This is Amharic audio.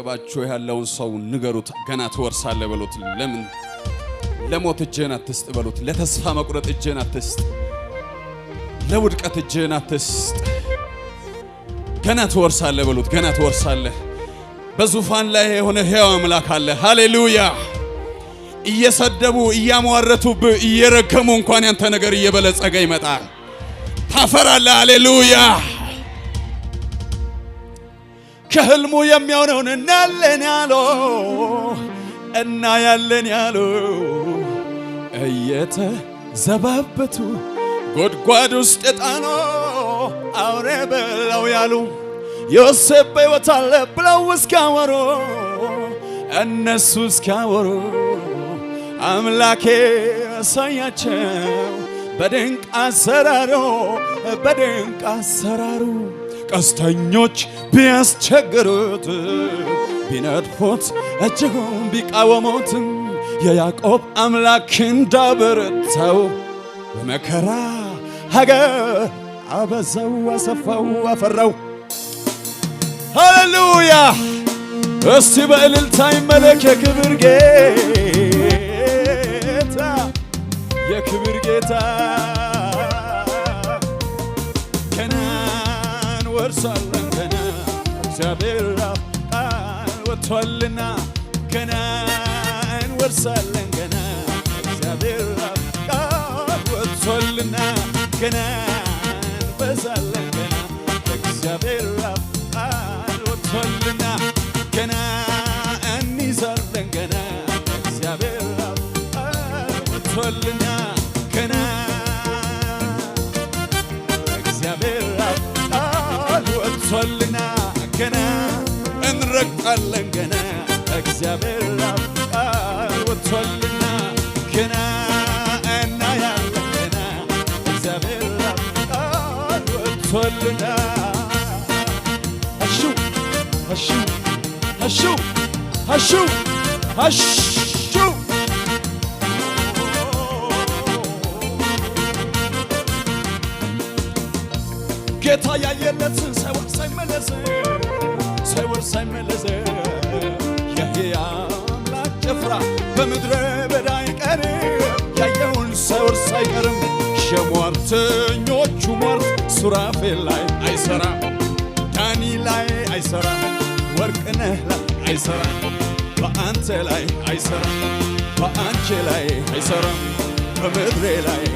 አጠገባችሁ ያለውን ሰው ንገሩት፣ ገና ትወርሳለህ በሉት። ለምን ለሞት እጄን አትስጥ በሉት። ለተስፋ መቁረጥ እጄን አትስጥ፣ ለውድቀት እጄን አትስጥ። ገና ትወርሳለህ በሉት። ገና ትወርሳለህ። በዙፋን ላይ የሆነ ሕያው አምላክ አለ። ሃሌሉያ! እየሰደቡ እያሟረቱብህ እየረገሙ እንኳን ያንተ ነገር እየበለጸገ ይመጣል። ታፈራለ። ሃሌሉያ! ከህልሙ የሚሆነውን እናያለን ያለው እናያለን ያለው እየተዘባበቱ ጎድጓድ ውስጥ የጣኖ አውሬ በላው ያሉ ዮሴፍ በሕይወት አለ ብለው እስኪያወሩ እነሱ እስኪያወሩ አምላኬ አሳያቸው በድንቅ አሰራሩ በድንቅ አሰራሩ ቀስተኞች ቢያስቸግሩት ቢነድፉት እጅጉን ቢቃወሙት የያዕቆብ አምላክ እንዳበረታው በመከራ ሀገር አበዘው አሰፋው፣ አፈራው። ሃሌሉያ! እስቲ በእልልታ ይመለክ የክብር ጌታ የክብር ጌታ ደርሷል ገና እግዚአብሔር አብ ቃል ወጥቷልና ከነአን ወርሳለን ገና እግዚአብሔር አብ ቃል ወጥቷልና ከነአን እንበዛለን ገና እግዚአብሔር አብ ቃል ወጥቷልና ከነአን እንይዛለን ገና እግዚአብሔር አብ ቃል ወጥቷልና ከነአን ደርሶልና ገና እንረግጣለን ገና እግዚአብሔር አፍቃር ወጥቶልና ገና እናያለን ገና እግዚአብሔር አፍቃር ወጥቶልና አሹ አሹ አሹ አሹ አሹ ጌታ ያየለትን ሳይወር ሳይመለስ ሳይወር ሳይመለስ የሕያው አምላክ ጭፍራ በምድረ በዳ አይቀር ያየውን ሳይወር ሳይቀርም የሟርተኞቹ ሟርት ሱራፌ ላይ አይሰራ፣ ዳኒ ላይ አይሰራ፣ ወርቅነህ ላይ አይሰራ፣ በአንተ ላይ አይሰራ፣ በአንቺ ላይ አይሰራም በምድሬ ላይ